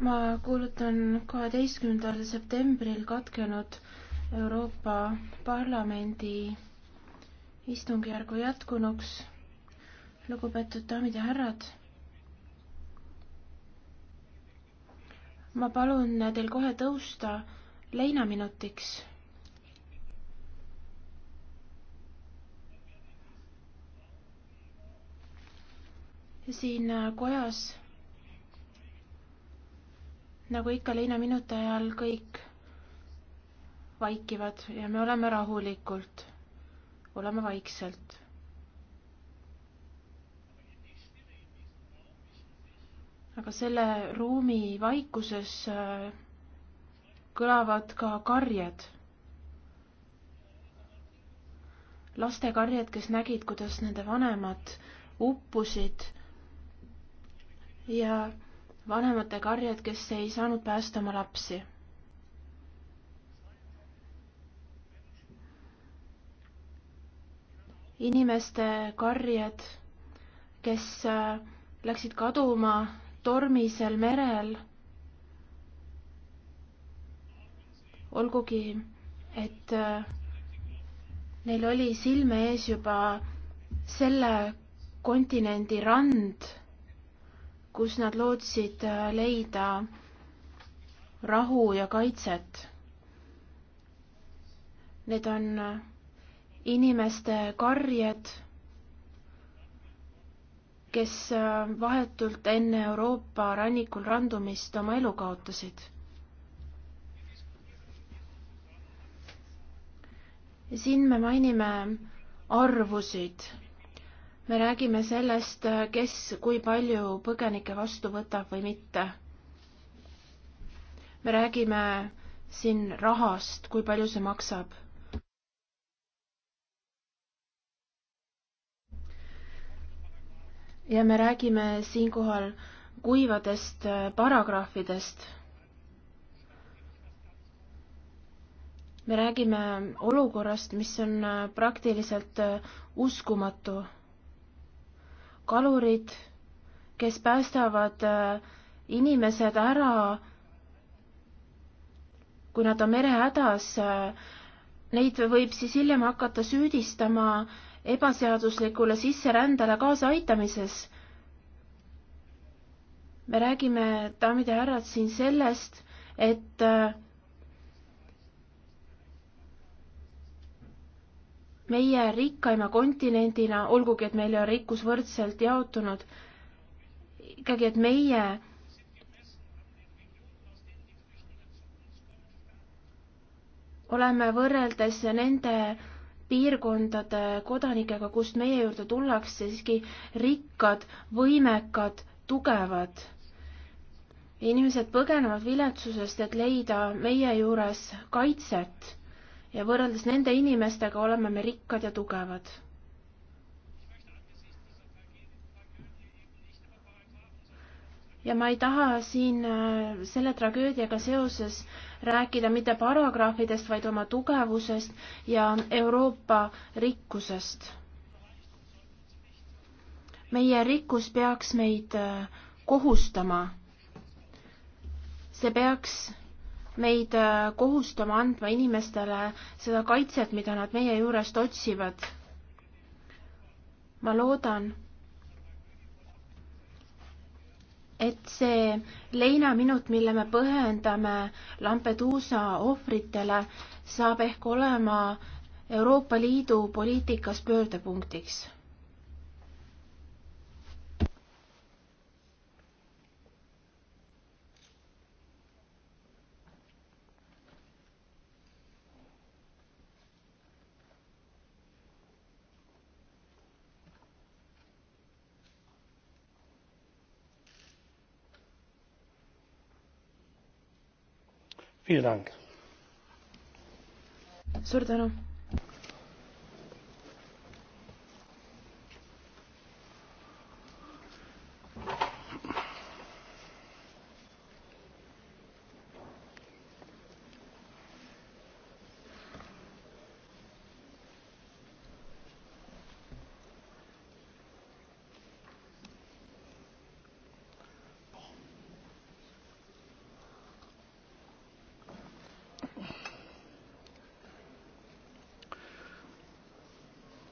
ma kuulutan 12. septembril katkenud euroopa parlamendi istungjärgu jätkunuks lugupeetud daamid ja härrad ma palun teil kohe tõusta leinaminutiks siin äh, kojas nagu ikka leinaminuti ajal kõik vaikivad ja me oleme rahulikult, oleme vaikselt. aga selle ruumi vaikuses äh, kõlavad ka karjed. lastekarjed, kes nägid, kuidas nende vanemad uppusid ja vanemate karjad, kes ei saanud päästa oma lapsi. inimeste karjed, kes äh, läksid kaduma tormisel merel. olgugi, et äh, neil oli silme ees juba selle kontinendi rand kus nad lootsid äh, leida rahu ja kaitset. Need on äh, inimeste karjed, kes äh, vahetult enne Euroopa rannikul randumist oma elu kaotasid. siin me mainime arvusid me räägime sellest, kes kui palju põgenikke vastu võtab või mitte. me räägime siin rahast, kui palju see maksab. ja me räägime siinkohal kuivadest paragrahvidest. me räägime olukorrast, mis on praktiliselt uskumatu kalurid, kes päästavad äh, inimesed ära, kui nad on merehädas, äh, neid võib siis hiljem hakata süüdistama ebaseaduslikule sisserändele kaasaaitamises. me räägime, daamid ja härrad, siin sellest, et äh, meie rikkaima kontinendina, olgugi et meil ei ole rikkus võrdselt jaotunud, ikkagi, et meie oleme võrreldes nende piirkondade kodanikega, kust meie juurde tullakse, siiski rikkad, võimekad, tugevad. inimesed põgenevad viletsusest, et leida meie juures kaitset ja võrreldes nende inimestega oleme me rikkad ja tugevad. ja ma ei taha siin äh, selle tragöödiaga seoses rääkida mitte paragrahvidest, vaid oma tugevusest ja Euroopa rikkusest. meie rikkus peaks meid äh, kohustama. see peaks meid äh, kohustama andma inimestele seda kaitset, mida nad meie juurest otsivad. ma loodan, et see leinaminut, mille me põhjendame Lampeduusa ohvritele, saab ehk olema Euroopa Liidu poliitikas pöördepunktiks suur tänu!